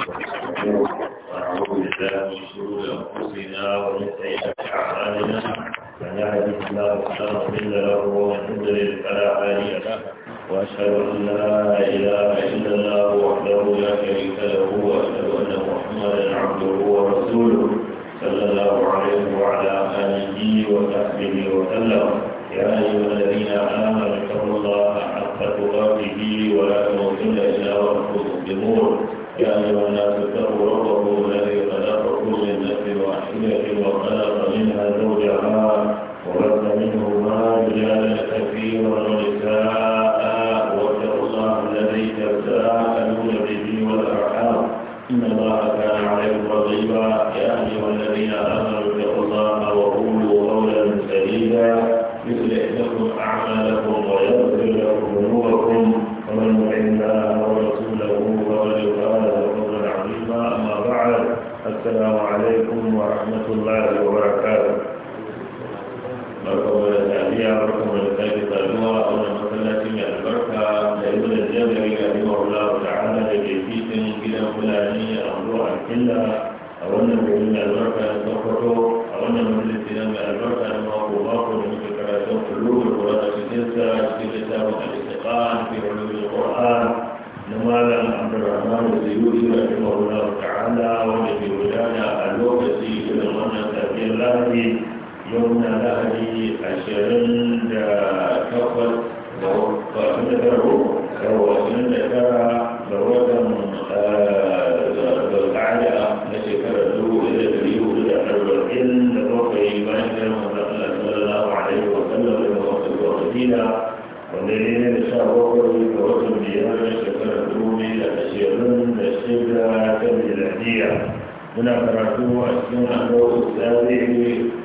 ونعوذ بالله من شرور انفسنا ومن سيئات اعمالنا من يهده الله فلا مضل له ومن يضلل فلا هادي له واشهد ان لا اله الا الله وحده لا شريك له واشهد ان محمدا عبده ورسوله صلى الله عليه وعلى اله وصحبه وسلم يا ايها الذين امنوا اتقوا الله حق تقاته ولا تموتن الا وانتم مسلمون يا أيها الناس اتقوا ربكم الذي خلقكم من نفس واحدة وخلق منها زوجها a wannan wurin mai albarka na sokoto a wannan majalisi na mai albarka na mako mako da muke karatun kullu da kura a cikin sa cikin littafin al-istiqan fi ulumul qur'an na malam abdurrahman da zuyuri rahimahullah ta'ala wanda ke gudana a lokaci irin wannan safiyar lahadi yau na lahadi ashirin da takwas da wasu da tara da wasu da tara da watan ashirin da shida ta miladiya muna karatu a cikin annabi tsari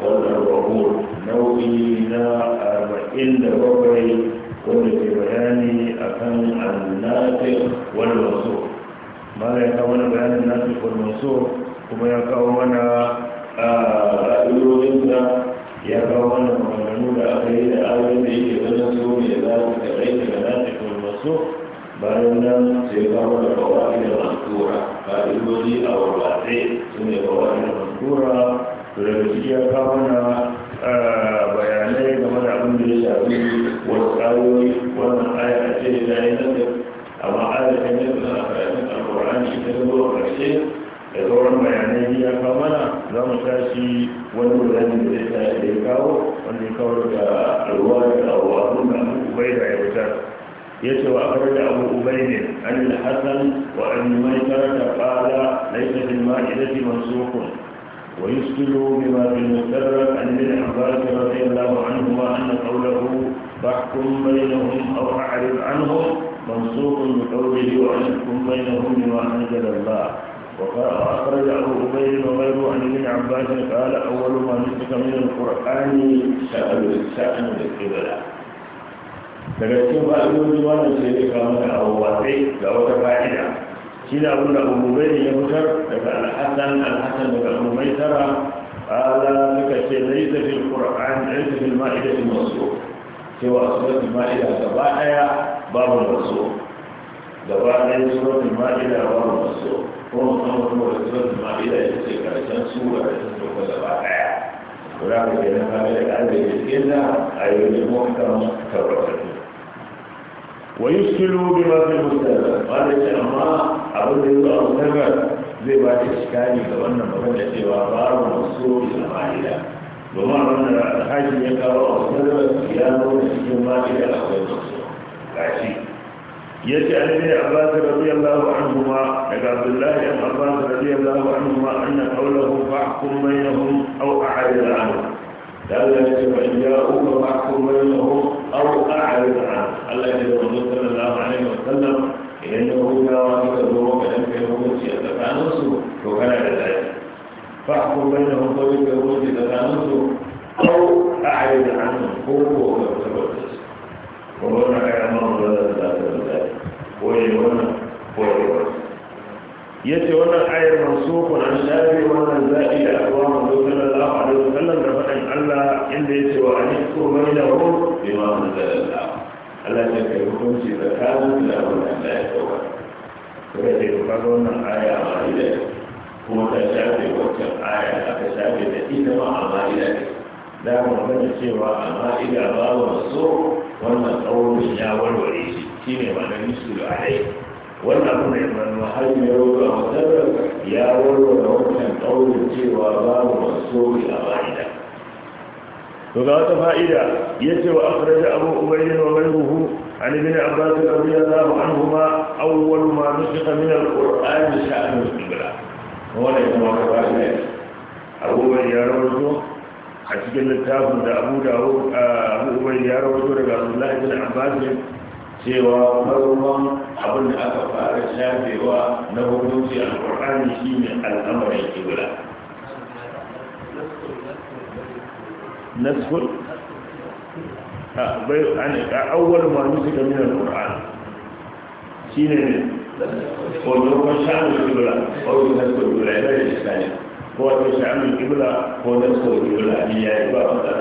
wannan rahot nau'i na arba'in da bakwai wanda ke bayani akan annabi wal mansur mala ya kawo wani bayanin nasu wal mansur kuma ya kawo mana kawo da kawai da mansura ka'idodi a warwatse su ne kawai da mansura to daga ciki ya bayanai game da abin da wani shafi wasu ayoyi wannan aya ce da ya yi nasir amma aya a karatun alkur'ani ita a da bayanai mana za mu wani da يتوى وأخرج أبو أبين عن الحسن وأن ميترة قال ليس في المائدة منسوق ويسكل بما في المستدرك عن ابن عباس رضي الله عنهما أن قوله فاحكم بينهم أو أعرض عنهم منسوق بقوله وأحكم بينهم بما أنزل الله وأخرج أبو أبي وغيره عن ابن عباس قال أول ما نسك من القرآن سأل سأل القبلة daga cikin fa'idoji wannan sai ne kawo maka abubuwa sai ga wata fa'ida shi da abin da abubuwai ne ya fitar daga alhassan alhassan daga al'ummai tara ala suka ce zai tafi ƙura'an zai tafi ma'ida su masu cewa suratun ma'ida gaba daya babu masu gaba ɗaya suratun ma'ida babu masu kuma musamman kuma da ma'ida ya ce ƙarshen su ƙarshen su gaba ɗaya ولا بين هذا عند إلا أيضا محكم تورطه ويشكل بما في المستقبل قال الشماء أبو الله المستقبل زي بات إشكالي كوانا مبنى سوى بار مصروف الأمائلة وما رمنا الحاج يكاوى المستقبل يا نور الجمال إلى أخوة المصروف عشيق يجعلني ابن عباس رضي الله عنهما عن عبد الله بن عباس رضي الله عنهما ان قوله فاحكم بينهم او اعرض عنهم قال يجب ان جاءوك فاحكم بينهم او اعرض عنه الله يجزي صلى الله عليه وسلم انه اذا وافق الظروف لم يكن شيئا تفانسوا وكان كذلك فاحكم بينهم طريق الروح تفانسوا او اعرض عنهم قوه وتوكل وقلنا يا امام الله لا تبدا koyi wannan koyi wannan ya ce wannan ayar mansukun an shafi wannan zaɓi da abuwa manzo sallallahu alaihi wasallam da faɗin Allah inda ya ce wa an yi komai da hu bi ma manzalallah Allah ya kai hukunci da kamun da abin da Allah ya kawo suka ce ku kaga wannan aya a ma'ida kuma ta shafe wancan aya aka shafe da ita ma a ma'ida ne da kuma magana cewa amma ida ba wa so wannan tsawon ya warware shi shine ma na nisu da alai wannan abu ne man mahalli ya wuce a matsalar ya warware wannan tsawon cewa ba wa so a ba'ida to ga wata fa'ida ya ce wa akhraja abu ubayyin wa ghayruhu عن ابن عباس رضي الله عنهما اول ما نسخ من القران شان القبله هو ليس ما كفى ابو بكر يا رسول a cikin littafin da abu dawo a abubuwan ya rawato daga abdullahi bin abbasin cewa farkon abin da aka fara shafewa na hukunci alkur'ani shi ne al'amarin kibla nasfur a awwal ma nufi da min alkur'an shi ne ne wanda kuma shafin kibla wanda kuma kibla ya da shi ko a ce sha'anin kibla ko na so kibla ni ya yi ba wanda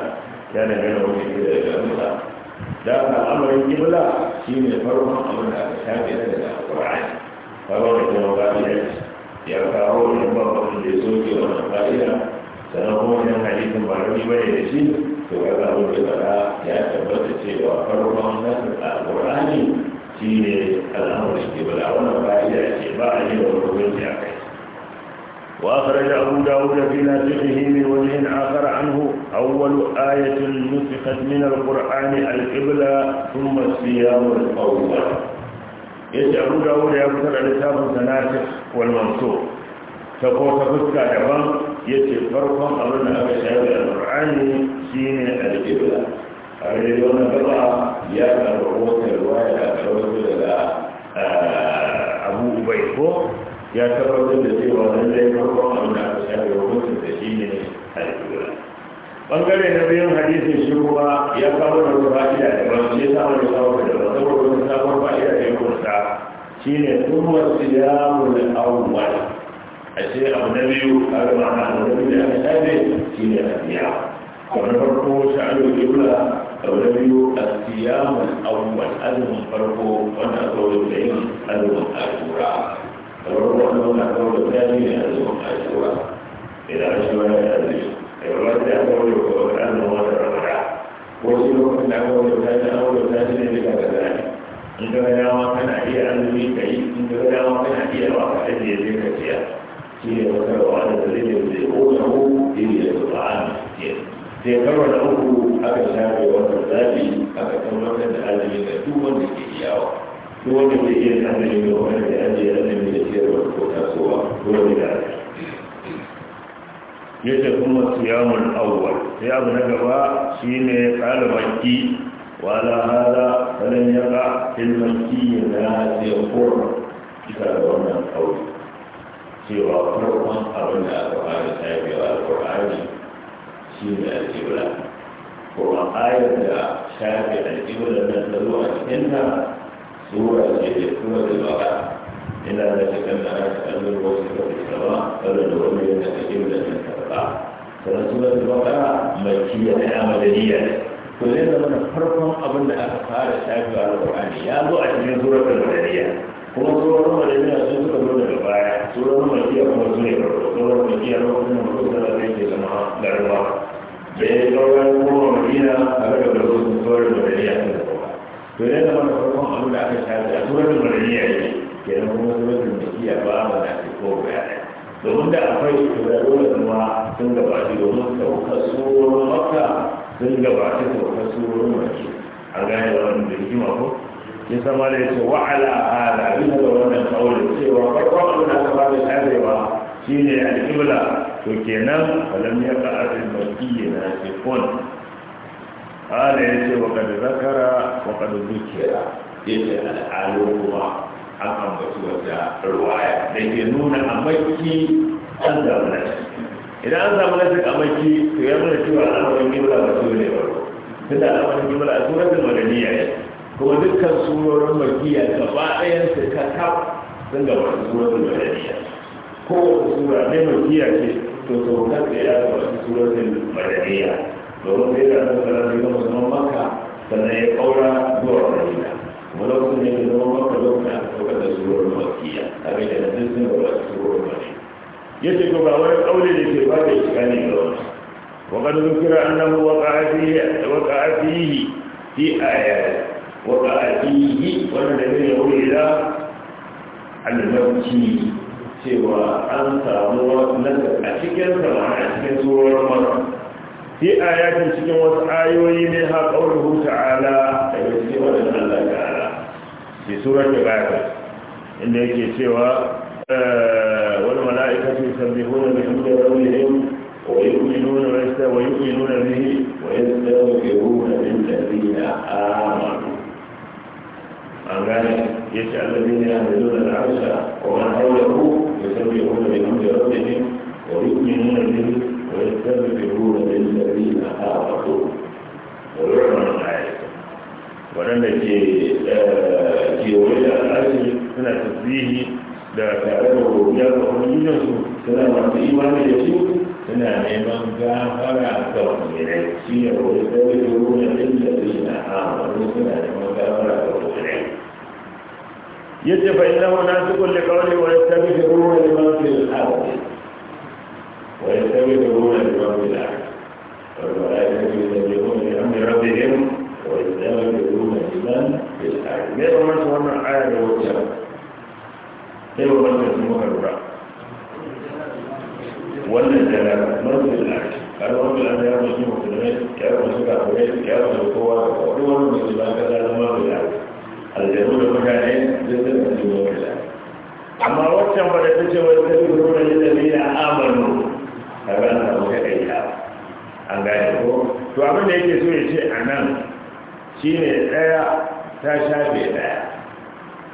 ya na gana wani kibla ya gamsa da amarin kibla shi ne farkon abin da aka shafe ta daga ƙwararri ba ba da kuma ba ya ya kawo wani ba wani da ya soke wani fa'ida sannan kuma wani hadisin ba rami ba ne da shi to ya ga wani fara ya tabbata cewa farkon nasin al'ƙwararri shi ne al'amarin kibla wannan fa'ida ce ba a yi da wani hukunci a kai وأخرج أبو داود في ناسخه من وجه آخر عنه أول آية نسخت من القرآن القبلة ثم الصيام الأول يجي أبو داود يذكر الكتاب الناسخ والمنصور تقول تفكى دبان يجي فرقا أبن أبي شهد القرآن سين القبلة أريدون دون بقى يا أبو الرواية أبو آه، أبي ya tabbatar da cewa lallai farkon abin da aka shafe mutum da shi ne alƙibla bangare na biyun hadisin shi kuma ya kawo da wata da ba shi ya da kawo da ba saboda wani sabon fa'ida da ya kursa shi ne kuma siyamun awwal a ce abu na biyu a ga ma'ana abu na biyu da aka shafe shi ne asiya abu na farko sha'anin kibla abu na biyu a asiyamun awwal azumin farko wanda aka wuce yin azumin alƙura فالروح أنه نحول الثاني يأذن حيثها إلى عشرة يأذن الرد أقول القرآن وغير الرعاة وصلوا من أول الثاني أول الثاني لك كذلك إن كان يوم كان هي أنمي كي إن كان يوم كان هي واقع الذي يديك فيها هي وكر وعلى الذي يبدئونه هي الطعام تيكرر له أكثر شاب وكر ذلك أكثر من أنمي كتوبا لكي يوم هو من يجيب أمني وأنا لأجي أمني يسير وكتاسوا هو بذلك yace kuma siyamul awwal sai abu na gaba shine qala makki wa la hada falan yaqa fil makki la yaqur kita da wannan kauli cewa farkon abin da aka fara tafiya alqur'ani shine al-qibla ko ayar da shafi al-qibla da ta zo a cikin nan سورة سورة البقرة إلا أن تكلم عن الوصف في السماء فلن نؤمن أن تكلم لكن تبقى سورة البقرة مكية عملية kullum da mana farkon abin da aka fara shafi alƙur'ani ya zo a cikin suratul madaniya kuma suratul madaniya sun suka zo daga baya suratul madaniya kuma su ne farko suratul madaniya na kuma da zai ke zama garuwa da ya yi sauran kuma madina da to yana mana farkon abu da aka shafi a turar da maraniya ne kenan kuma turar da makiya ba ma da ake ko ba ya domin da akwai turarowar kuma sun gabaci domin saukar tsoron maka sun gabaci saukar tsoron maki a gane da wani da hikima ko ya sama da ya ce wa'ala ala bisa da wannan kawai cewa farkon abu da aka ba da shafewa shine al-qibla to kenan falam yaqa al-makiyya na shekon ala ya ce waka da zakara waka da dukiya yake da al'uwa an ambaci wata ruwaya da ke nuna a maki an zama idan an zama na ciki a maki to ya nuna cewa an zama wani gimla ba su ne ba tun da an wani gimla a tsoron da madaniya ne kuma dukkan surorin makiya gaba ɗayan su ka kaf sun gaba da tsoron da madaniya ko wani sura ne makiya ce to tsoron da ya zama tsoron da madaniya domin sai da aka tsara da gama zaman maka sannan ya kaura zuwa madina kuma lokacin da zama maka lokacin aka saukar da surar makiya abin da nan sun gaba da surar makiya ya ce ko ba wani da ke ba da shiga ne ga wani وقد ذكر أنه وقع فيه وقع فيه في آيات وقع فيه والذي يقول إلى الموتي cewa an samu a cikin sama a cikin tsoron mara fi ayatin cikin wasu ayoyi ne ha qawluhu ta'ala daga cikin wannan Allah ta'ala fi surar da ibrahim inda yake cewa eh, wani wal mala'ikatu yusabbihuna bihamdi rabbihim wa yu'minuna wa yu'minuna bihi wa yastaghfiruna lil ladina amanu an gane Ya ce Allah zai ne zuwa yace alladina yahduna al-arsha wa man hawlahu yusabbihuna bihamdi rabbihim wa nuna bihi ويستغفرون للذين آمنوا ورحمة الآية waɗanda ke kewaye da al'adu suna tasbihi da tare da rubiya ga ubangijinsu suna masu imani da su suna neman gafara ga mu'minai shi ne wani tsawon da ruwan inda su na amfani suna neman gafara ga mu'minai yadda fa inna hu nasu kulli qawli wa yastaghfiru liman fil ardi ويستمدون لرب العالمين والملائكة يسبحون بأمر ربهم ويستمدون لمن في العالمين غير من سمع آية وجهة غير من يسمعها الرب والنجاة من في العالمين قالوا رب العالمين يا رب يسمعك الغيب يا رب يسمعك الغيب يا رب القوة وقوة من سمعك لا تمر بالعالمين الجنود مكانين جزء من سمعك العالمين أما وقت ما تتجاوز كثير من الذين آمنوا kaga an samu takaita an gane ko to abin da yake so ya ce a nan shine ɗaya ta shafe ɗaya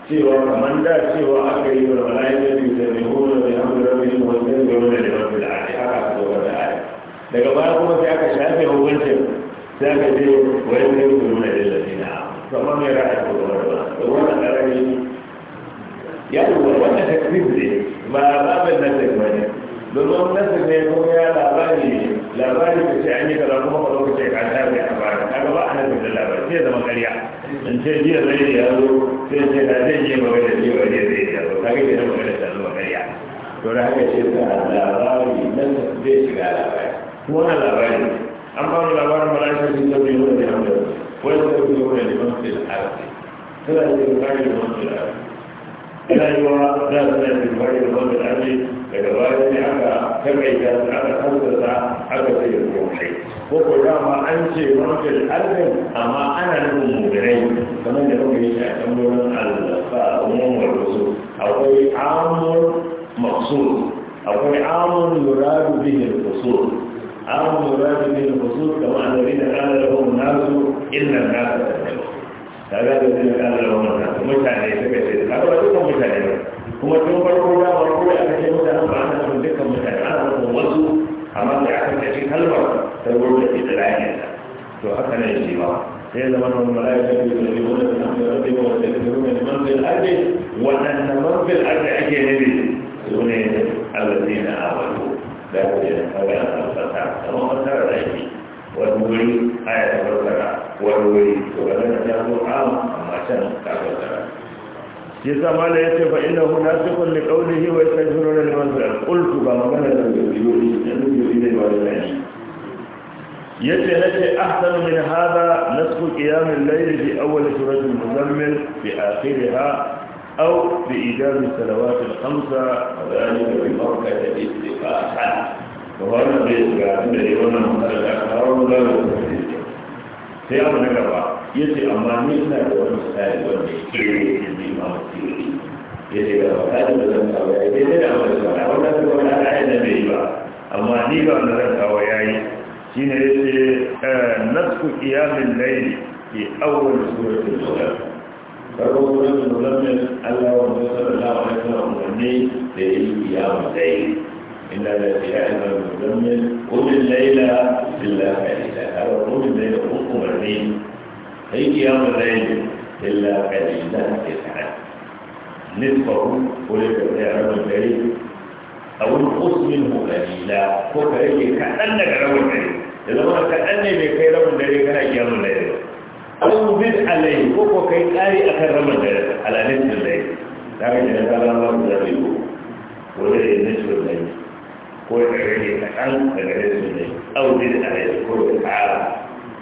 cewa kamar da cewa aka yi wa malaikatu da ne hono da hamdu rabbihim wa sallu ala rabbil alamin haka aka zo da ayat daga baya kuma sai aka shafe hukuncin sai aka ce wa yanzu nuna da ya lalina kamar mai ra'ayi ko da wannan da wannan karami ya duba wani takfir ne ba ba babin na takfir domin nasir ne kuma ya labari labari ka ce an yi kaza kuma ka lokaci ka ta bai a baya ka gaba a nasir da labari sai zama karya in ce jiya zai yi yaro sai ce na zai yi magana jiya zai yi yaro ka ga kenan magana ta zama karya to da haka ce ka labari nasir zai shiga labari kuma na labari an ba mu labarin malashi sun zabi nuna da wani zabi nuna da hamdar arzi suna da yin kare da hamdar كانوا لا تنسى الوحيد الغد العزيز لكوارث عكا كبعيدا عكا خمسة عكا سيد الموحيد وقل ما أنت رجل ألف أما أنا لكم مبنين كمان يقول لي أتمنى الأمم والرسول أقول عام مقصود أقول عام يراد به الفصول عام يراد به الفصول كما أن الذين قال لهم الناس إلا الناس تتبعون kaga da zai ka Allah wannan mutane suka ce kaga ba dukkan mutane ba kuma tun farko da ba ko aka ce mutane ba ana son dukkan mutane ana son wasu amma sai aka ce kalmar ta gurbin idrakin ta to haka ne shi ba sai zama nan mala'ika da ke da wannan da ke rabbi wa da ke ruwan man bil ardi wa an man bil ardi ake nabi sune allazina amanu da ke da kaga an fata kamar wannan rai wani wuri aya ta farko wani wuri to ga nan ta zo am amma can ka ga ta ya zama da yace fa inna hu nasiqun li qawlihi wa yastaghfiruna liman zalama qultu ba magana da yuri da yuri da wannan yace nace ahsanu min hada nasku qiyam al-layl fi awwal surah al-muzammil fi akhirha aw bi ijab salawat al-khamsa wadhalika bi barkat al-istiqaha wa wannan bai ga da yawan wannan da kawo da sai abu na gaba ya ce amma ni ina da wani tsari wanda ya ke yi da zai ma mutu ya ce gaba tsari da zan kawo ya yi daidai da wani tsari wanda su wani ana yi da bai yi ba amma ni ba wanda zan kawo ya yi shi ne ya ce nasu kiyamin laili ke awon suratun sulat farko suratun sulat ne allah wa mutu sallallahu alaihi wasallam wanne da ya yi kiyamin laili إن الذي أعلم المزمن قل الليل إلا قليلا قل الليل قل هيجي يوم الليل إلا قليلا تسعة نصفه ولك عرب الليل أو نقص منه قليلا فكريك كأنك عرب الليل إذا ما كأني بكي رب الليل كان يوم الليل أو بدء عليه وكو كي قاري أكرم الليل على نصف الليل لكن إذا قال الله ذلك ولك نصف الليل ويعيني كأن العز منه أو بدء عليه كل حال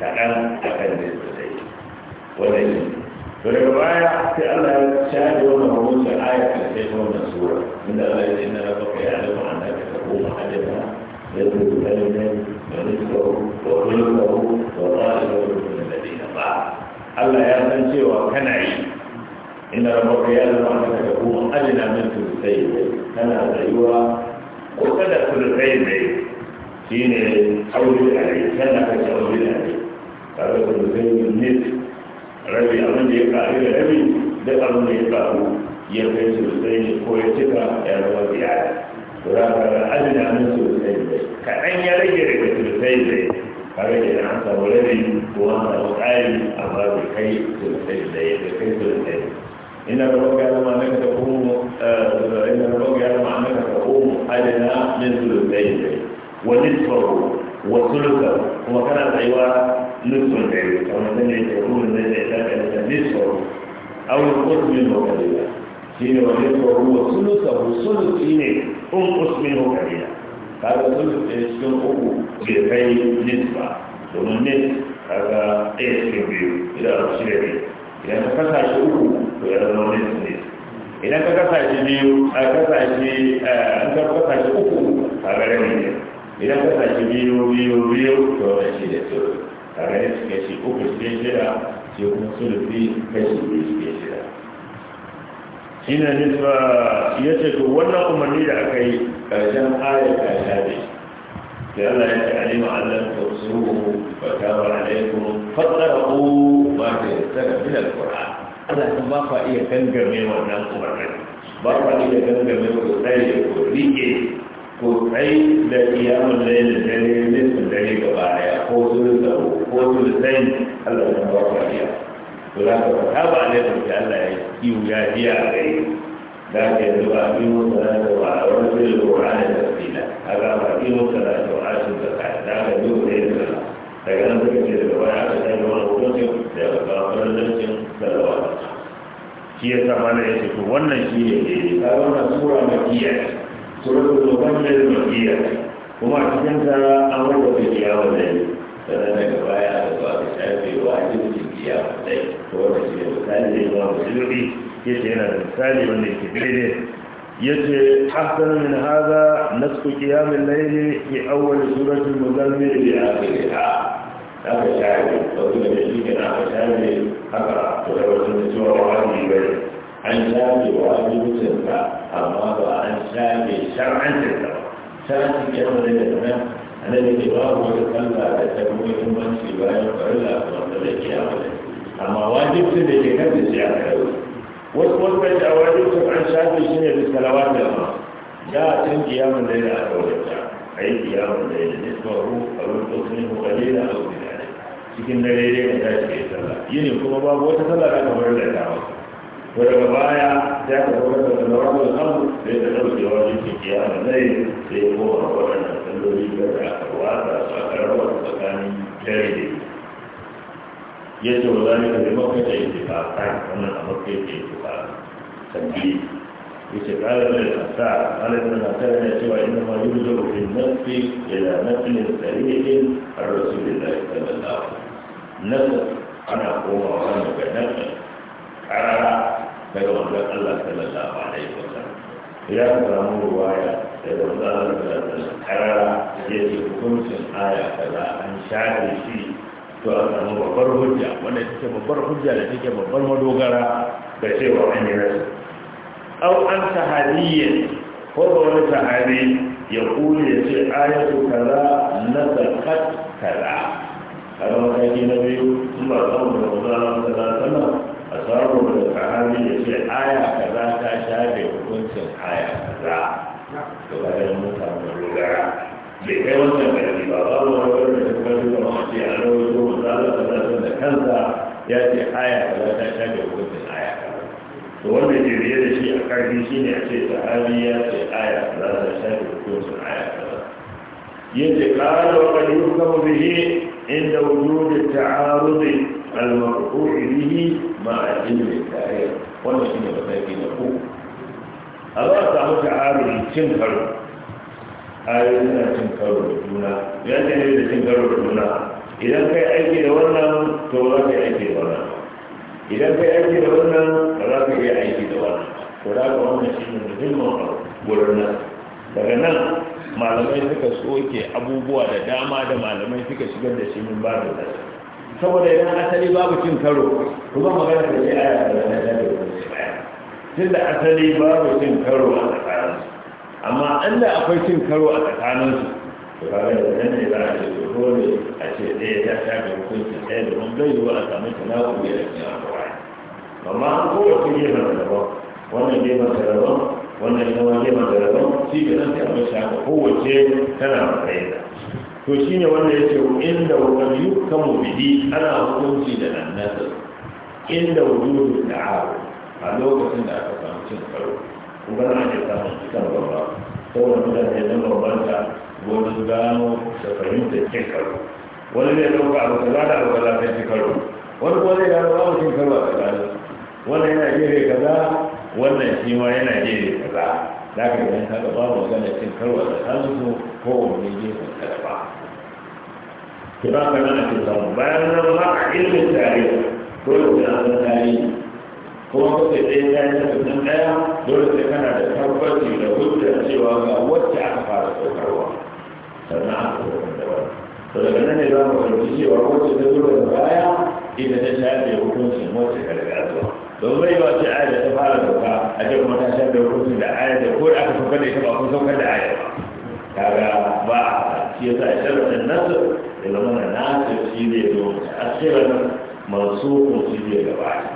كأن أكرم الليل wanda ne to daga baya sai Allah ya shafe wannan hukuncin aya ta sai ta wannan sura inda Allah ya ce inna rabbaka ya'lamu annaka taqumu hajjata yadruku kalimat wa rizqahu wa khulqahu wa ta'alahu min alladhina ba Allah ya san cewa kana yi inna rabbaka ya'lamu annaka taqumu adna min thulthay kana rayuwa ko kada thulthay bai shine aure da rai kana ka aure da rai kaga thulthay ne rabi abin da ya kari da rabi da abin da ya kare ya kai sosai ko ya cika ya zama biyar to za ka ga ajina min sosai ne kaɗan ya rage daga sosai ne ka rage da an samu rabi ko an samu tsari amma bai kai sosai ne ya kai sosai ina rabon ya zama na ka komo mu eh, ina rabon ya zama na ka komo mu ajina min sosai ne wani tsoro wasu rukar kuma kana tsayuwa nufin da ya kamar da ne ke kuma da ne ta kan da nisoro awon usmin hokalila shi ne wani nisoro wa sulusa wa sulusi ne un usmin hokalila kaga sulusi ne cikin uku bai kai nisba domin nis kaga ɗaya cikin biyu idan a shirya ne uku to ya zama nis nis idan ka kasa biyu a kasa shi an ka uku kaga rami ne idan ka kasa shi biyu biyu da tsoro tare da suke shi uku suke shida sai kuma sulufi kashi biyu suke shida shi ne nisba ya ce to wannan umarni da aka yi ƙarshen ayar ƙarsha ne sai Allah ya ce alima Allah ta usuru wa tawa alaikum fatsarahu ma ta yassara min alquran Allah ta ba fa iya gangame wannan umarni ba fa iya gangame ko tsaye ko rike to ai da iyamun da yin ne nufin dare gaba daya ko sun da ko sun sai Allah ya ba ka iya to za ka ta ba ne da Allah ya yi ya biya gai da ke zuwa bi mu sana da wa wani qur'ani da sila kaga ba bi mu sana da wa shi da ka da yi ne da daga nan suka ke da wani aka sai da wani hukunci da ya ga wannan zancin da da wani shi ya sa ya ce to wannan shi ne ka ga wannan sura mai kiyaye da suratul muhammad makiya kuma a cikin ta an rubuta kiyawa da ne sannan daga baya a zuwa da shafi wa jirgin kiyawa da ne to wanda shi ne misali da imam musulmi ya ce yana da misali wanda ke daidai ya ce ahsan min haza na nasu kiyamin laili fi awwal suratul muzammil bi akhiriha haka shafi wasu da shi ke na haka shafi haka to da wasu da cewa wajibi bai an shafi wajibin mutunta. الله عن سامي شرعا جدا سامي كما لدينا أنا الذي باب وقال لا تتبوي ثم سوى يقول لا تبقى لك يا ولد أما واجب سيدي كم سيعرف وقال بس أواجب سبع سامي سنة بالسلوات لما جاء سن قيام الليل على ولد أي قيام الليل نسبه أو تصنيه قليلا أو بذلك لكن الليل كان تشكي صلاة يعني كما باب وتصلى لك ولد يا ولد ولما بايع تاخذ مثلا الورد الامر فيتخذ في واجب قيام الليل فيقوم اولا الذي بدع وهذا فكره وكان جاري يجب ذلك بمكة اتفاقا ومن مكة اتفاقا تنبيه استفعال الأفعال قال ابن عتاب سوى إنما يلجأ في النفس إلى نفس سريع عن رسول الله صلى الله عليه وسلم نفس أنا أقوم وأنا بنفس قرار daga wannan Allah sallallahu alaihi wasallam ya samu ruwaya daga wannan Allah sallallahu alaihi wasallam karara yake hukuncin aya kaza an shafe shi to an samu babbar hujja wanda take babbar hujja da take babbar madogara da cewa an yi rasu aw an sahadiyya ko da wani sahabi ya kuli ya ce ayatu kaza nasakat kaza kaga mataki na biyu sun ba samun da wasu alamun da a samu da sahabi ya ce aya kaza ta shafe hukuncin aya kaza to kada mun samu dogara bai kai wannan karfi ba ba mu wani wani da kuma duka masu ce a rawaito mu zala ta zala da kansa ya ce aya kaza ta shafe hukuncin aya kaza to wanda ke biye da shi a karfi ne a ce sahabi ya ce aya kaza ta shafe hukuncin aya kaza yace qala wa qad yukamu bihi عند وجود التعارض المرفوع به مع علم التعارض الدائره وانا شنو بتاكي نقول الله تعالى تعارض تنكر اي لا تنكر دونا يا تنكر تنكر دونا اذا كان اي شيء دونا تورات اي شيء دونا اذا كان اي شيء دونا تورات اي شيء دونا ورا قوم نشي من دين ما قول الناس daga nan malamai suka soke abubuwa da dama da malamai suka shigar da shi min babu da saboda idan asali babu cin karo kuma magana ta yi aya da na da cin da asali babu cin karo a tsakaninsu amma an da akwai cin karo a tsakaninsu to kaga da nan ne za a ce dole a ce ɗaya ta shafe hukunci ɗaya da wani bai yiwu a samu tanaku ya da cikin alƙawari amma an kowace gefen da daban wannan gefen da daban wannan ita ma zai rabon shi ke nan sai abin shafa kowace tana matsayin to shine wanda ya ce inda wakan yukan mubidi ana hukunci da nan nasar inda wujudu da a lokacin da aka samu cin karo kuma na ake samun cikin babba saboda mutane na bambanta wani gano da fahimtar cin karo wani ne zai ɗauka abu kaza da abu kaza sai cin karo wani kuma zai gano babu cin karo a tsakanin wannan yana gefe kaza wannan shi ma yana gefe kaza za ka gani ta ga babu magana cin karwa da kansu ko wani gefe kaza ba ki ba ka nana cin samu bayan nan ba a ilimin tare ko da an tarihi kuma ko sai ɗaya ta yi mutum ɗaya dole sai kana da tabbaci da hujjar cewa ga wacce aka fara saukarwa sannan aka saukar da to daga nan ne za mu fahimci cewa wacce ta zo da baya ita ta shafe hukuncin wacce ka riga zuwa don bai ba ce aya ta fara doka a ce kuma ta shafe hukuncin da aya da ko da aka saukar da ita ba kun saukar da aya ba kaga ba shi yasa ya sharuɗin nasu da zama na nasu shi zai zo a shirin masu kunshi zai gabata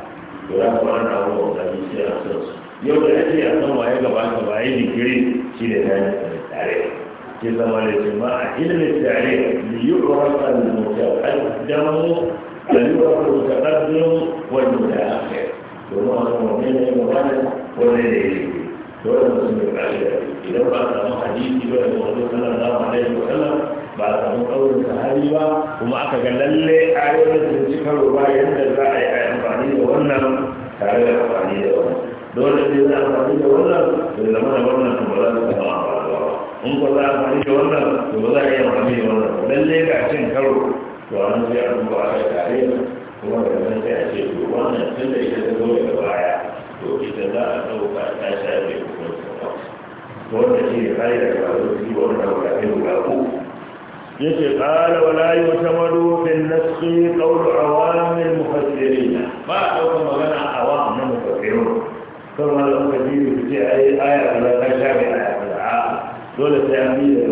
to za ku wani abu wa ƙarfi sai a san su yau da ake a san waye gabata ba ya digiri shi da ta yi tare ke zama da jama'a ilimin tare da yi ƙwarfa da mutum addamu da yi ƙwarfa da mutum addamu wani da aka yi domin wani mummuni ne mubada ko ne dole idan ba samu hadisi ba da wani alaihi ba samu sahabi ba kuma aka ga lalle ayoyin da ci karo ba yadda za a yi amfani da wannan tare da amfani da wannan dole ne za a amfani da wannan da zama da wannan kuma za su zama amfani da in ko za a amfani da wannan to ba za a yi amfani da wannan lalle ga cin karo to an sai a duba a قال ولا يعتمد في النسخ قول عوام المفسرين ما قولوا ما لنا عوام من المفسرون كما لو كثير في أي آية ولا تشابه آية العام دولة تعمية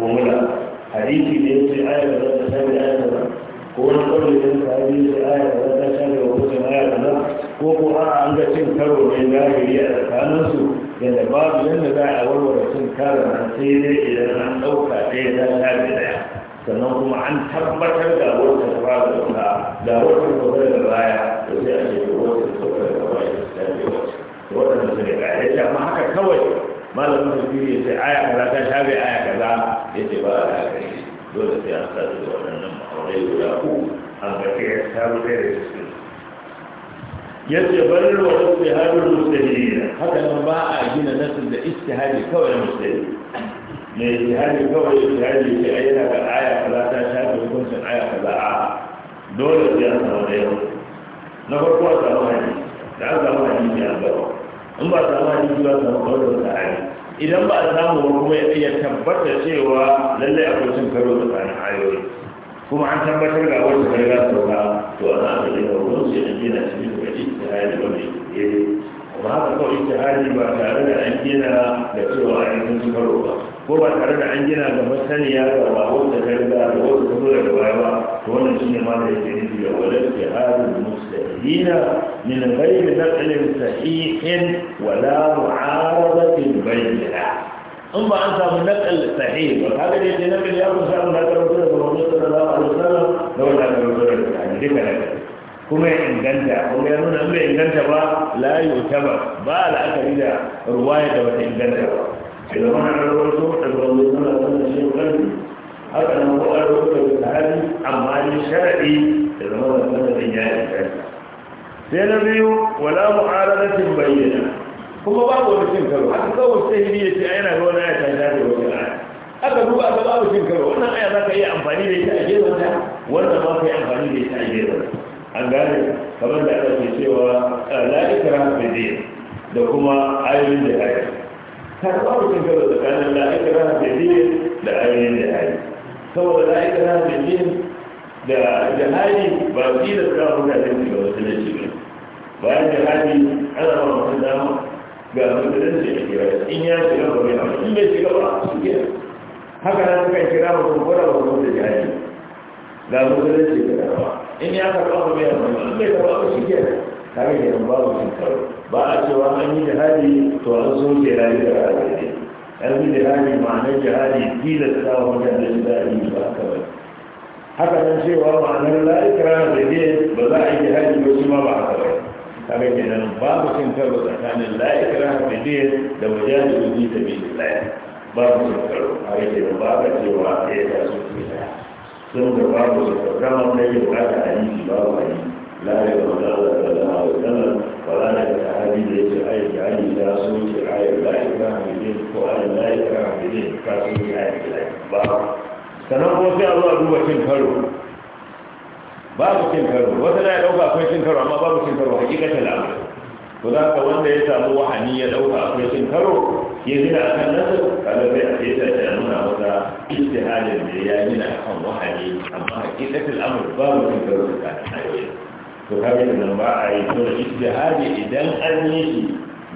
ومولا حديثي ليجي آية ولا تشابه آية, آية العام كون قول لك حديثي آية ولا تشابه وقسم آية, آية العام كوكو آية عندك تنكروا من الله يا أنسوا yadda babu yadda za a warware cin karin nan sai dai idan an ɗauka ɗaya ta shafi ɗaya sannan kuma an tabbatar da wata fara da wata da wata sauƙar da baya da sai a ce wata sauƙar da baya da ta ce wata da waɗanda su ne ƙaya ya ce amma haka kawai malamin da fiye ya ce aya kaza ta shafi aya kaza ya ce ba a da dole sai an sa su da waɗannan ma'aurai guda uku an ga ta sabu ɗaya da su yace barir wa istihadul mustahilin haka nan ba a gina nasu da istihadi kawai mustahil ne istihadi kawai istihadi ce a yana ga aya kaza ta shafi hukuncin aya kaza a dole sai an samu da yau na farko a samu hadisi da an samu ne a gaba in ba samu hadisi ba samu kawai da sa'ani idan ba a samu kuma ya tabbata cewa lallai akwai cin karo tsakanin ayoyi kuma an tabbatar ga wata karga sauka to ana da daga wurin sai an gina cikin da ijtihadi ba mai yare kuma haka kawai ijtihadi ba tare da an gina da cewa an yi sun karo ba ko ba tare da an gina ga masaniya ga ba wata karga da wata kuma da baya ba to wannan shi ne ma da yake nufi da wala ijtihadi mustahina min ghairi naqlin sahihin wala mu'aradatin bayyana ثم أنت من نفس التحيل وهذا الذي ينبي لأبو سعد ما صلى الله عليه وسلم لو لا ترسل يعني ذي كلام كم إن جنت هم يقولون أم إن جنت لا يعتبر با لا أكل رواية بس إن جنت إذا ما نحن الرسول صلى شيء غني هذا ما هو الرسول الحالي أمال شرعي إذا ما نحن الرسول الحالي سيدنا ولا معارضة بينه kuma babu wani cin karo haka kawai sai ya ce yana ga wani ayata ya dace wani aya aka duba aka babu cin karo wannan aya za ka iya amfani da ita a gefen ta wannan ba ka yi amfani da ita a gefen an gane kamar da aka ce cewa la'ika ran din da kuma ayoyin da aya ta babu cin karo tsakanin la'ika ran din da ayoyin da aya saboda la'ikara fi da jihadi ba su yi da tsawon mutane su ga wasu ne ba bayan jihadi ana ba mutum damar ga abin da zai shi kira in ya shiga ba mai amma in bai shiga ba su kira haka na suka kira ba kuma gwada ba kuma da jari ga abin da zai shi kira ba in ya karɓa ba mai amma in bai karɓa ba shi kira kare da ba babu shi karo ba a cewa an yi jihadi to an so jihadi da ra'ayi an yi jihadi ma'anar jihadi tilasta ta mutane su da yi ba kawai haka nan cewa ma'anar la'ikira da ne ba za a yi jihadi ba shi ma ba a ba kaga kenan babu cin karo tsakanin la ikraha fi din da mujahidu fi sabilillah babu cin karo kaga kenan babu cewa sai da su kira sun da babu da kama ne da aka yi babu yi la ya ga da da da wannan wala hali da hadi da yake ai da hadi da su ke ai la ikraha fi din ko ai la ikraha fi din ka su ai babu sanan kuma sai a zo a duba cin karo babu cin karo wata na ya dauka akwai cin karo amma babu cin karo hakikatan al'amari ko za ka wanda ya samu wahani ya dauka akwai cin karo ya gina a kan nasa kaga sai a fesa ta nuna masa istihalin da ya gina a kan wahani amma hakikatan al'amari babu cin karo da kan ayoyi to kaga nan ba a yi tura istihali idan an yi shi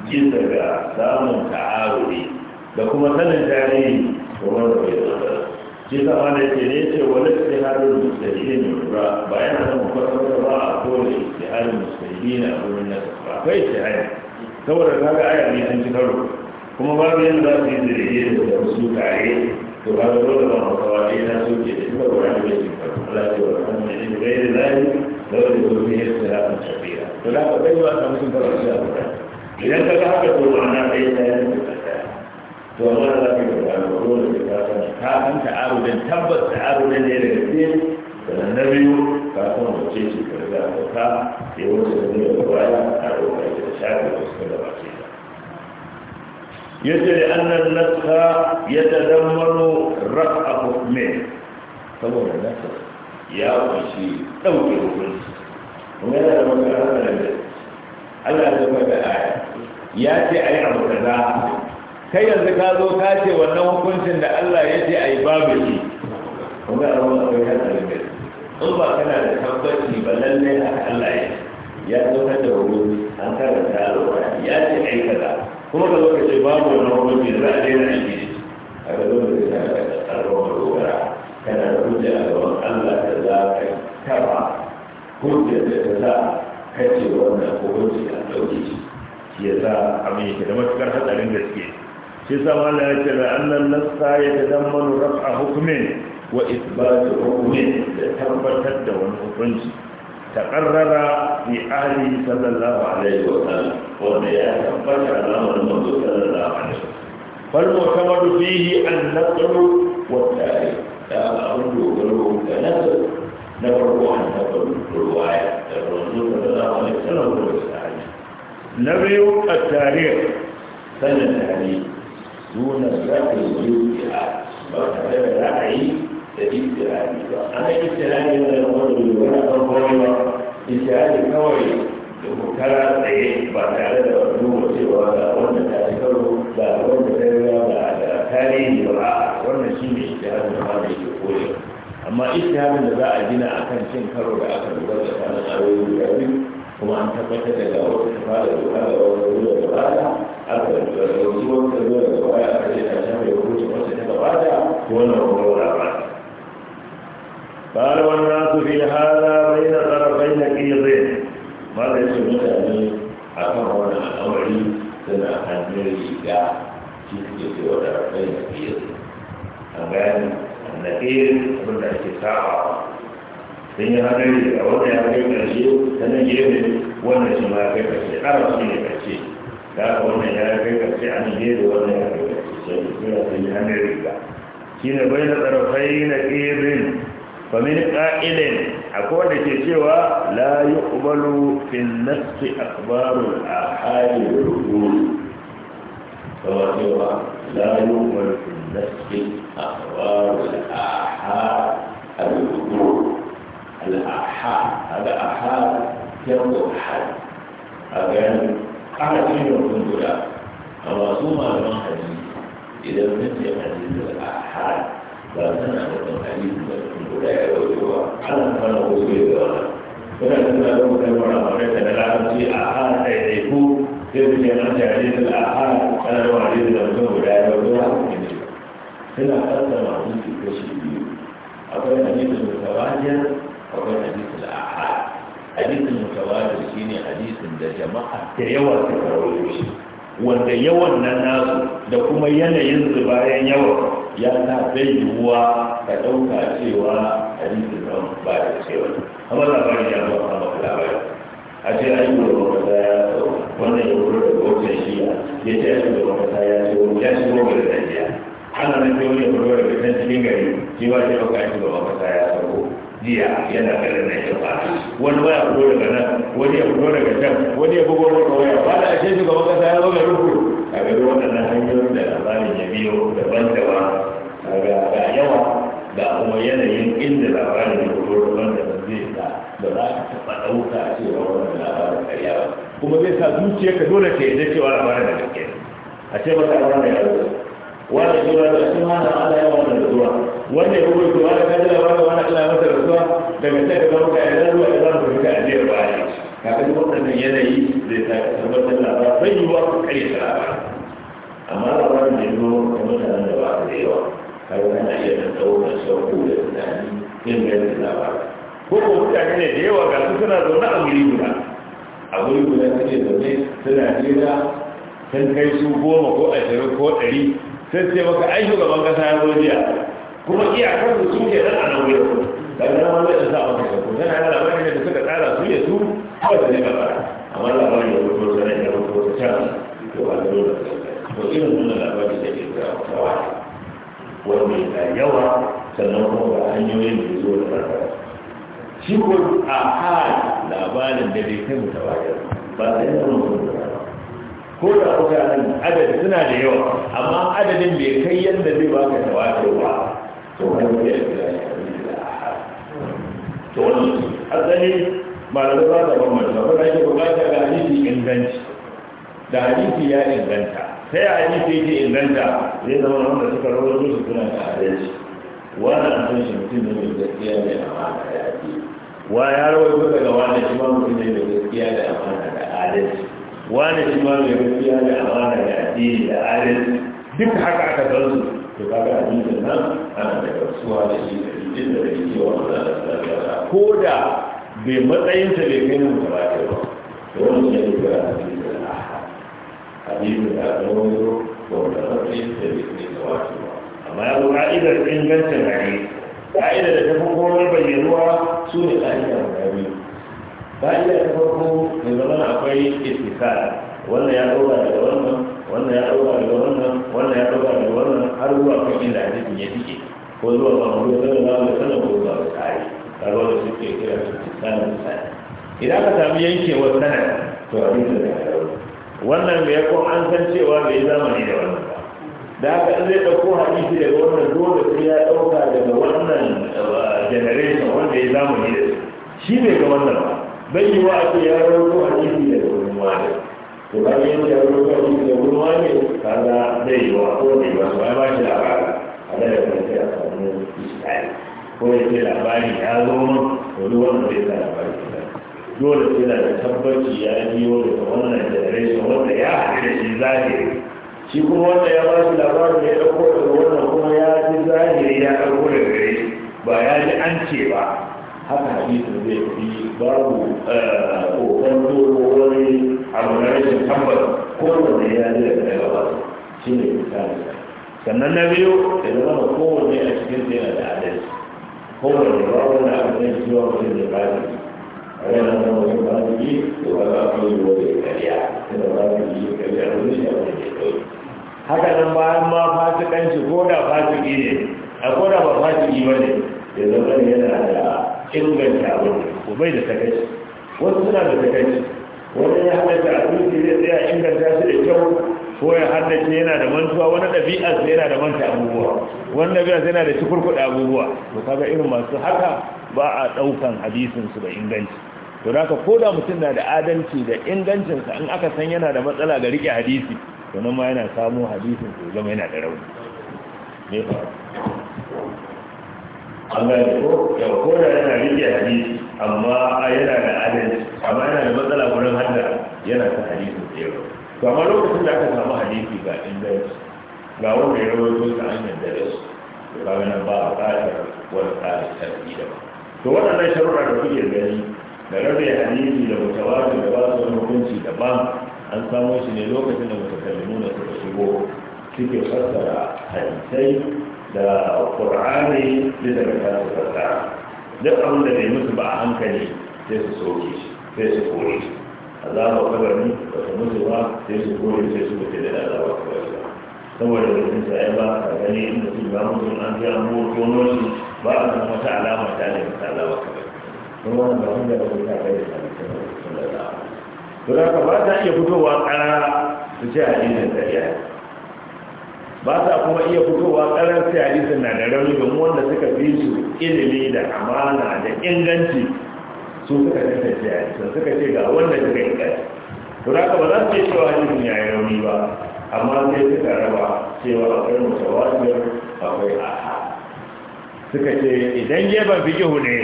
bisa ga samun ta'aruri da kuma sanin tarihi kuma wanda bai zama shi zama da ke ne ce wani istiharin mustahirin ba ba yana da mafasar ba a kowane istiharin mustahirin a gurin na ba kai akwai istihari saboda ka kaga aya ne sun ci karo kuma babu yadda za su yi da zirge da wasu tare to ba da dole ba makawa ne na ke da ita ba wani bai cin karo ala ce wa kan ne ne bai da lahi da wani gobe ya ce da an tafiya to da ka bai ba ta mutum karo shi a idan ka ga haka to ma'ana kai ta yi to amma da za ka yi da dole da ka san ka san ta'arudin tabbas ta'arudin ne daga cikin sannan na biyu ka san wace ce ka riga ka ka ya wuce da ne da baya a roƙa ita da shafi da suka da bace ta yace da annan naska ya tadammanu raf'a hukmi saboda nasa ya kunshi ɗauke hukunci kuma yana da makarar da Allah ya zama da aya ya ce a yi abu kaza kai yanzu ka zo ka ce wannan hukuncin da Allah ya ce a yi babu shi kuma ga ruwan akwai hatsarin gari in ba kana da tabbaci ba lallai haka Allah ya ya saukar da hukunci an karanta alwara ya ce ai kaza kuma ka zo ka ce babu wannan hukunci da za a daina aiki ne a ga zo da kana da alwara dogara kana da hujja a gaban Allah da za ka taba hujja da ta sa kace wannan hukunci a ɗauke shi ya sa abin yake da matukar hatsarin gaske shi sama يتبع أن النسخة da رفع حكم وإثبات حكم raf'a hukmin wa تقرر في أهله صلى الله عليه وسلم وما تنفجر على المنظور صلى الله عليه وسلم فالمعتمد فيه النقل والتاريخ لا أقول قلوب كنقل نقل عن نقل الرواية الرسول صلى الله عليه وسلم والسعادة نبي التاريخ سنة الحديث nuna zafin zuciya ba tare da za a yi da istirari ba ana istirari yana da wani wani abubuwan ba istirari kawai da kukara tsaye ba tare da nuna cewa ga wanda ta ci karo ga wanda ta yi ga da tarihi ba wannan shi ne istirari na wanda ke koyo amma istiharin da za a gina a kan cin karo da aka lura da tsanin aure da biyu kuma an tabbatar da ga wata shafa da doka da wata zuwa da bada aka da wasu wata zuwa da bada aka ce ta shafa ya hukunci wasu ta gabata wannan kuma wura ba قال والناس في هذا بين طرفين كيضين ماذا يسمى mutane a kan wani al'amari suna hannun riga shi suke ce wa da rakai na fiye a bayan na fiye abinda ake sawa sun yi hadari a wannan ya kai karshe sannan gefe wannan shi ma ya kai karshe ƙara su ne karshe da aka wannan ya kai karshe a nan gefe wannan ya kai karshe sai da suna sun yi hannun riga shi ne bai na tsarafai na ƙirin famin ƙa'ilin akwai wanda ke cewa la yi ƙubalu fin nafsi akbarun a hali da rukuru kawai cewa la yi ƙubalu fin nafsi akbarun a hali da rukuru الأحاد هذا أحاد يرد أحد أجل قال في يوم كلا الرسول من حديث إذا كنت حديث الأحاد فأنا أقول حديث من كلا يروى على ما نقول به فلا تقبلوا كما رأيت العالم في أحاد يعرفون كيف كان حديث الأحاد أنا وحديث المسلم لا يروى هنا قدم عديد الكشف أقول حديث المتواجد akwai hadisul ahad hadisul mutawatir shine hadisin da jama'a da yawa suka rawaito shi wanda yawan nan nasu da kuma yanayin su bayan yawan ya sa zai yiwuwa ka ɗauka cewa hadisin nan ba da cewa amma labarin ya zuwa kama ka labarin a ce ai gobe kaza ya sauka wannan ya wuri da wancan shiya ya ce ai gobe kaza ya ce ya shigo ga da ana nan sai wani ya fito daga can cikin gari shi ba shi ɗauka ai gobe kaza ya sauko jiya yana garin na shafa wani waya fito daga nan wani ya fito daga can wani ya bugo maka waya ba da ashe shugaban kasa ya zo ga ruku a gari waɗannan hanyoyin da labarin ya biyo daban-daban ga yawa ga kuma yanayin inda labarin ya fito daban-daban zai sa ba za ka taɓa ɗauka cewa wannan labarin karya ba kuma zai sa zuciyarka dole ta yadda cewa labarin da gaske a ce masa labarin ya zo wani shi wani shi ma na Allah ya wani rasuwa wanda ya zuwa da kaji da wani wani Allah ya masa rasuwa daga sai ka zama ka yi rasuwa ya zama ka a jiyar ba ne kafin waɗannan yanayi zai sa ka tabbatar da ba bai yi wa ka kare ta ba amma da wani da yi wa mutanen da ba su da yawa har wani iya da tsawon sauko da tunani yin ganin labarin ko ko mutane ne da yawa ga su suna zaune a wuri guda a wuri guda suke zaune suna jira sun kai su goma ko ashirin ko ɗari sai sai maka ai shugaban kasa ya zo jiya kuma iyakar su sun ke nan a nan wuya daga nan ma da sa maka shakku ana da labarin da suka tsara su ya su kawai da ne ba amma labarin da rubuto sana ya rubuto ta can to ba da dole to irin nuna labarin da ke da kawa wanda da yawa sannan kuma ga hanyoyin da zo da barbara shi ko a hal labarin da bai kai mutawa ba sai da rubuto ko da kuka nan adadi suna da yawa amma adadin bai kai yadda zai ba ka baka tawatur ba to wannan ya to wannan asali malamai ba da bambanta ba ake bukata ga hadisi inganci da hadisi ya inganta sai hadisi yake inganta zai zama wanda suka rawar su suna da adalci wannan sun shi mutum ne mai gaskiya mai amana da ya wa ya rawar daga wannan shi ma mutum ne mai gaskiya da amana da adalci wani shi ma mai gaskiya da amana da addini da adalci duk haka aka san su to kaga addinin nan ana da kasuwa da shi da jikin da ke cewa Allah da sallallahu ko da bai matsayin sa bai kai mu ba ta ba to wannan ne da addinin da addinin da Allah ko da matsayin sa bai kai mu ba amma ya zo ka'idar ingancin hadisi ka'idar da ta fi komai bayyanuwa su ne ka'idar da biyu bayan da ta farko mai zama akwai istikar wannan ya ɗaura daga wannan wannan ya ɗaura daga wannan wannan ya ɗaura daga wannan har zuwa kan inda hadisin ya tike ko zuwa ga mahu da zama da sanar ko zuwa ga tsari kaga wanda suke kira su tsanin tsari idan ka samu yankewar sanar to hadisin da ya wannan mai yakon an san cewa bai zamani da wannan ba da haka an zai ɗauko hadisi daga wannan dole sai ya ɗauka daga wannan eh, generation wanda ya zamani da su shi bai ga wannan ba bai yi wa ake ya rawaito hadisi da wurin wani to ba ne ya rawaito hadisi da wurin wani kaga zai yi wa ko ne ba su ba shi labari a da ya kai a samu iskari ko ya ce labari ya zo mun duk wanda zai sa labari dole sai da tabbaci ya yi daga da wannan generation wanda ya haɗu da shi zahiri shi kuma wanda ya ba shi labarin ya ɗauko daga wannan kuma ya ji zahiri ya ɗauko daga gare ba ya ji an ce ba haka hadisin zai fi babu eh, kokon doro wani abu na ko tabbas kowane ya ji da kai ba shi ne misali sannan na biyu da zama kowanne a cikin yana da adalci kowanne ba wani abu ne shi wa mutum da ba shi a yana da wani ba su yi da ba za su yi wani kariya da ba su yi kariya wani shi abu ne kawai haka nan bayan ma fasikanci ko da fasiki ne a ko da ba fasiki ba ne ya zama yana da inganta wani ko bai da takaici wasu suna da takaici wani ya haɗa a tuki zai tsaya inganta shi da kyau ko ya shi yana da mantuwa wani ɗabi'a zai yana da manta abubuwa wani ɗabi'a zai yana da cikurkuɗa abubuwa to kaga irin masu haka ba a ɗaukan hadisin su da inganci to da ko da mutum na da adalci da ingancinsa in aka san yana da matsala ga riƙe hadisi to nan ma yana samun hadisin to zama yana da rauni ne fa an gane ko ya ko da yana rike hadisi amma yana da adalci amma yana da matsala wurin hadda yana da hadisi da yawa to amma lokacin da aka samu hadisi ga inganci ga wanda ya rawaito ta hanyar da su to ga wannan ba a tsara wani tsari sarki da ba to waɗannan sharuɗa da kuke gani da rabe hadisi da mutawatir da ba su wani hukunci daban an samo shi ne lokacin da mutakallimu da suka shigo suke fassara hadisai da ƙur'ani da daga tasu duk abin da bai musu ba a hankali sai su soke shi sai su kore shi azaba kabari ba su musu ba sai su kore sai su mutu da azaba kabari ba saboda mutum sai ba a gani inda su ba mutum an fi an mutu tono shi ba a san wata alama ta ne ta azaba kuma wannan ba da ta da ta da ta ba ta iya fitowa ƙara su ce a ɗin da ta ba sa kuma iya fitowa karar sai hadisin na da rauni domin wanda suka fi su ilimi da amana da inganci su suka kasance hadisin suka ce ga wanda suka yi kai to da ba za su ce cewa ni ya yi rauni ba amma sai suka raba cewa akwai mutawatir akwai aha suka ce idan gefen fikihu ne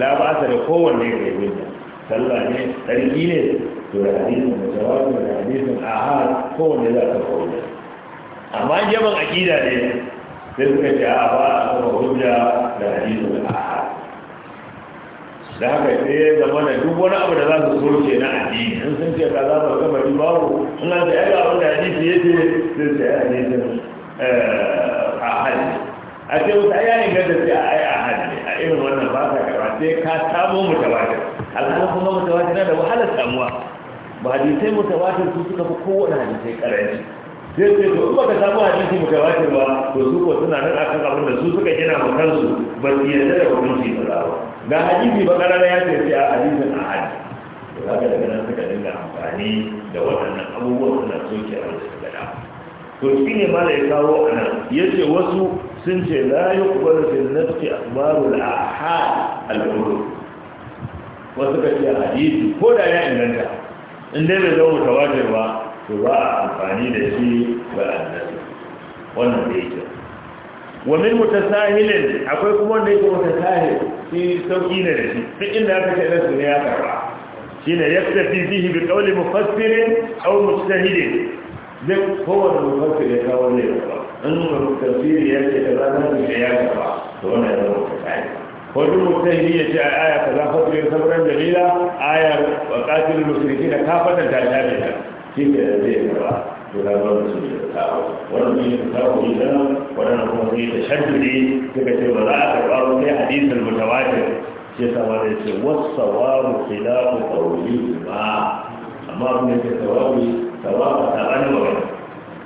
la ba sa da kowanne ya yi sallah ne tsarki ne to da hadisin mutawatir da hadisin aha kowanne za ka kowanne amma yaban akida ne sai suka ce a ba a kafa hujja da hadisu da ahad da haka sai ya zama da duk wani abu da za su soke na addini in sun ce ka za su kama ji babu in an ta yaga abin da hadisi ya ce sai su yi hadisin eh, ahad a ce ya yi gada sai a yi a ne a irin wannan ba ta kama sai ka samu mutawatir alhamdu kuma mutawatir na da wahalar samuwa ba hadisai mutawatir su suka fi kowane hadisai karanci sai ce to ba ka samu hadisi mutawatir ba to su ko suna nan akan abin da su suka gina ma kansu ba su yarda da hukunci ba ga hadisi ba karara ya ce a hadisin ahadi ka daga nan suka dinga amfani da waɗannan abubuwan suna soke a wasu gada to shi ne ma da ya kawo a nan ya ce wasu sun ce la yi kubar finnatki asbaru da aha al'uru wasu ka ce hadisi ko da ya inganta in dai bai zama tawatir ba to ba a amfani da shi ba a annabi wannan da yake wa min mutasahilin akwai kuma wanda yake mutasahil shi sauƙi ne da shi duk inda aka ce nasu ne ya karba shine yaktafi bihi bi qawli mufassirin aw mujtahidin duk kowane mufassir ya kawo ne ba in mu tafsiri ya ce kaza nan ne ya karba to wannan ya zama mutasahil wajen mutum ya ce a aya ta zafafirin sauran dalila ayar wa ƙasirin musulki da kafatar ta shafi ta shi ne da zai gaba to na zama su da tawo wannan shi ne tawo ne da wannan kuma sai da shaddudi suka ce ba za a karɓa ba sai hadisin mutawatir shi ta wani ce wasawaru khilafu qawli ma amma abin da ke tawabi tawabi ta bani magana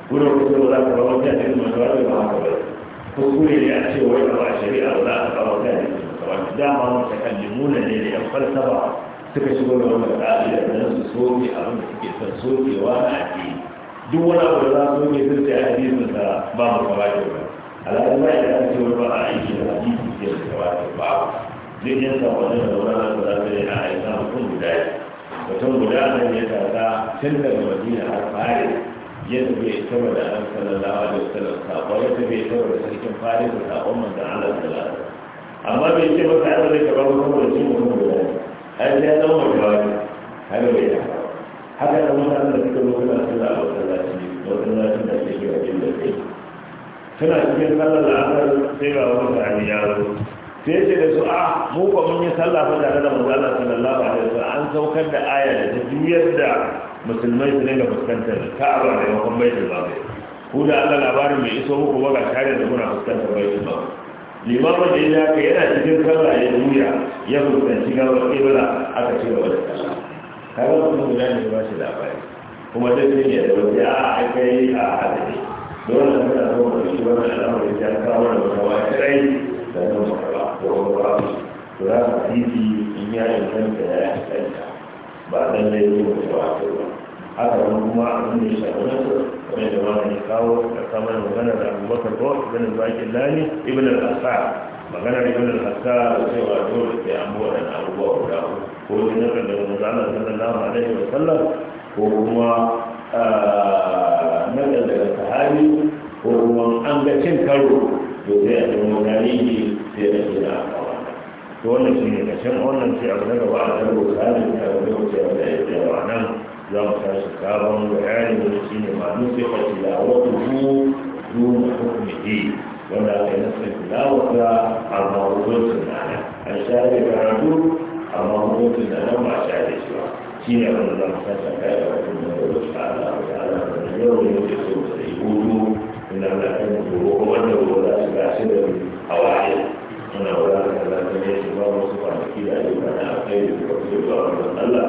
gurin kusa ba za ka ba wani hadisin mutawatir ba haka ba kuskure ne a ce wai ba shari'a ba za a karɓa wani hadisin mutawatir dama wata kan limuna ne da yan falsafa suka shigo da wannan ƙa'ida da nan su soke abin da suke son sokewa na ake duk wani abu da za su soke sun sai hadisin da ba mu kama da ba alaƙa ba ya ta ce wani ba a aiki da su ke da kama da ba duk yan sabonin da wani abu da za a aika mutum guda ne mutum guda nan ya tata tun daga madina har fari ya tafi ya tabar da an sallallahu alaihi wasallam ba ya tafi ya tabar da sarkin fari da sakon manzan Allah da alaihi amma bai ce masa an zai ba mutum da shi mutum guda ya an ya zama jawabi har bai da haka da mutane da suka zo suna sallah a masallaci masallacin da ke shiga jin da kai suna cikin sallar la'asar sai ga wani sahabi ya zo sai ce da su a ah, mu ba mun yi sallah ba tare da manzo Allah sallallahu alaihi wasallam an saukar da aya da ta juyar da musulmai su dinga fuskantar ka'aba da yawan baitul maqdis ku da Allah labarin bai iso muku ba ga tare da muna fuskantar baitul maqdis limamin da ya ka yana cikin sallah ya juya ya fuskanci gawar kibla aka ci gaba da sallah kaga mutum guda ne ba shi labari kuma zai ce ya dauki a aikai a hadari dole da muna so mu shi wannan al'amari ya kawo da wata wani kai da nan mu karba da wani ba to za ka titi in ya yi kanta ya yi kanta ba dan ne ya ba haka kuma abin da kawo da kama da magana da abu bakar ko ibn al-bakir lani ibn al-asar magana da ibn al sai wa dole sai an bo da abu guda ko ne da manzala sallallahu alaihi wa sallam ko kuma na da sahabi ko kuma an ga cin karo to sai a cikin ne sai da shi da to wannan shi ne kashin wannan shi abu na gaba a tarbo tsarin da ya wuce wanda ya tsaye wa nan za mu tashi sabon bayani wani shi ne ma nufi fatila wata hu duna hukumihi wanda aka yi nufin tilawata a mahukuncin tunana an share karatu a mahukuncin tunana ba a share shi ba shi ne wanda za mu tashi kai da wata da wata ta'ala wata ala da yau ne wata so da yi hudu inda ana kan gobe ko wanda gobe za su gashi da hawaye ana wadata da lafiya shi ba wasu kwanaki da ayyuka na akai da kuma cewa wannan Allah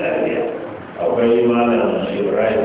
lafiya akwai malam ibrahim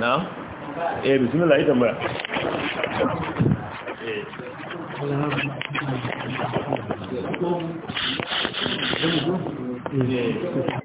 na? eh bismillah ita eh